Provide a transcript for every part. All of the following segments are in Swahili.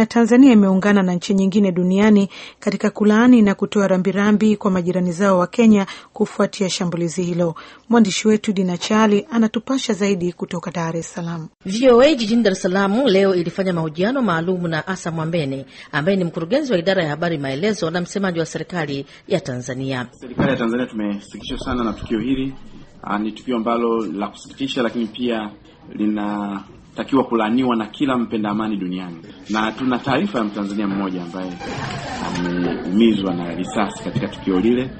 na Tanzania imeungana na nchi nyingine duniani katika kulaani na kutoa rambirambi kwa majirani zao wa Kenya kufuatia shambulizi hilo. Mwandishi wetu Dina Chali anatupasha zaidi kutoka Dar es Salaam. VOA jijini Dar es Salaam leo ilifanya mahojiano maalum na Asa Mwambene ambaye ni mkurugenzi wa idara ya habari maelezo na msemaji wa serikali ya Tanzania. Serikali ya Tanzania tumesikitishwa sana na tukio hili. Ah, ni tukio ambalo la kusikitisha, lakini pia lina takiwa kulaniwa na kila mpenda amani duniani, na tuna taarifa ya Mtanzania mmoja ambaye ameumizwa na risasi katika tukio lile,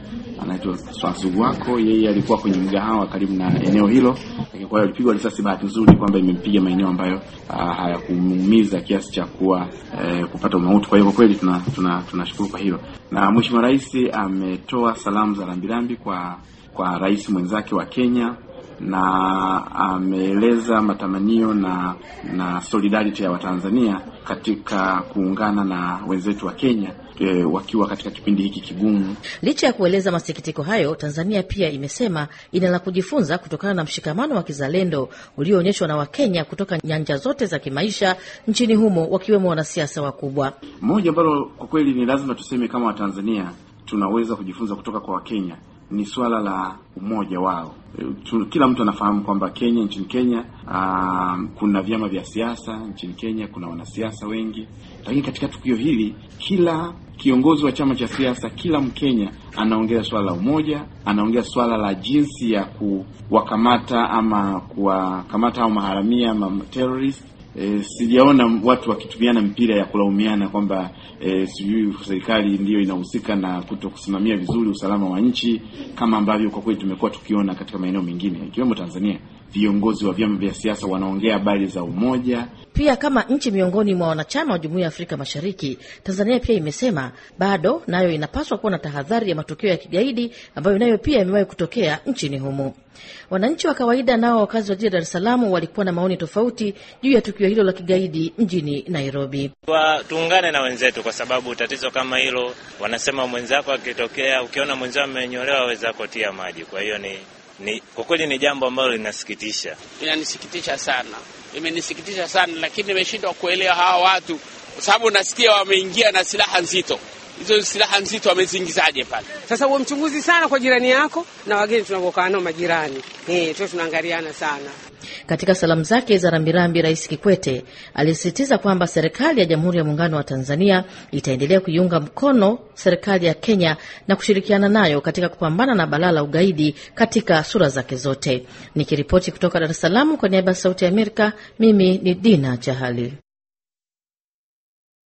anaitwa Swazugwako. Yeye alikuwa kwenye mgahawa karibu na eneo hilo, kwa hiyo alipigwa risasi. Bahati nzuri kwamba imempiga maeneo ambayo ah, hayakumuumiza kiasi cha kuwa eh, kupata mauti. Kwa hiyo kwa kweli tunashukuru tuna, tuna kwa hilo, na Mheshimiwa Rais ametoa salamu za rambirambi kwa kwa rais mwenzake wa Kenya na ameeleza matamanio na na solidarity ya Watanzania katika kuungana na wenzetu wa Kenya e, wakiwa katika kipindi hiki kigumu. Licha ya kueleza masikitiko hayo, Tanzania pia imesema ina la kujifunza kutokana na mshikamano wa kizalendo ulioonyeshwa na Wakenya kutoka nyanja zote za kimaisha nchini humo, wakiwemo wanasiasa wakubwa. Moja ambalo kwa kweli ni lazima tuseme kama Watanzania tunaweza kujifunza kutoka kwa Wakenya ni swala la umoja wao. E, kila mtu anafahamu kwamba Kenya, nchini Kenya um, kuna vyama vya siasa nchini Kenya, kuna wanasiasa wengi, lakini katika tukio hili kila kiongozi wa chama cha siasa, kila Mkenya anaongea swala la umoja, anaongea swala la jinsi ya kuwakamata ama kuwakamata au maharamia ama terrorist E, sijaona watu wakitumiana mpira ya kulaumiana kwamba e, sijui serikali ndiyo inahusika na kuto kusimamia vizuri usalama wa nchi kama ambavyo kwa kweli tumekuwa tukiona katika maeneo mengine ikiwemo Tanzania. Viongozi wa vyama vya siasa wanaongea habari za umoja. Pia kama nchi miongoni mwa wanachama wa Jumuiya ya Afrika Mashariki, Tanzania pia imesema bado nayo inapaswa kuwa na tahadhari ya matukio ya kigaidi ambayo nayo pia imewahi kutokea nchini humo. Wananchi wa kawaida nao wakazi wa jiji la Dar es Salaam walikuwa na maoni tofauti juu ya tukio hilo la kigaidi mjini Nairobi. Tuungane na wenzetu, kwa sababu tatizo kama hilo, wanasema mwenzako akitokea, ukiona mwenzao amenyolewa wezako kotia maji. Kwa hiyo ni ni kwa kweli ni jambo ambalo linasikitisha, inanisikitisha sana, imenisikitisha sana, lakini nimeshindwa kuelewa hawa watu, kwa sababu nasikia wameingia na silaha nzito hizo silaha nzito wameziingizaje pale? Sasa huo mchunguzi sana kwa jirani yako na wageni tunavyokaa nao majirani, eh, tu tunaangaliana sana. Katika salamu zake za rambirambi, Rais Kikwete alisisitiza kwamba serikali ya Jamhuri ya Muungano wa Tanzania itaendelea kuiunga mkono serikali ya Kenya na kushirikiana nayo katika kupambana na balaa la ugaidi katika sura zake zote. Nikiripoti kutoka Dar es Salaam kwa niaba ya Sauti ya Amerika, mimi ni Dina Chahali.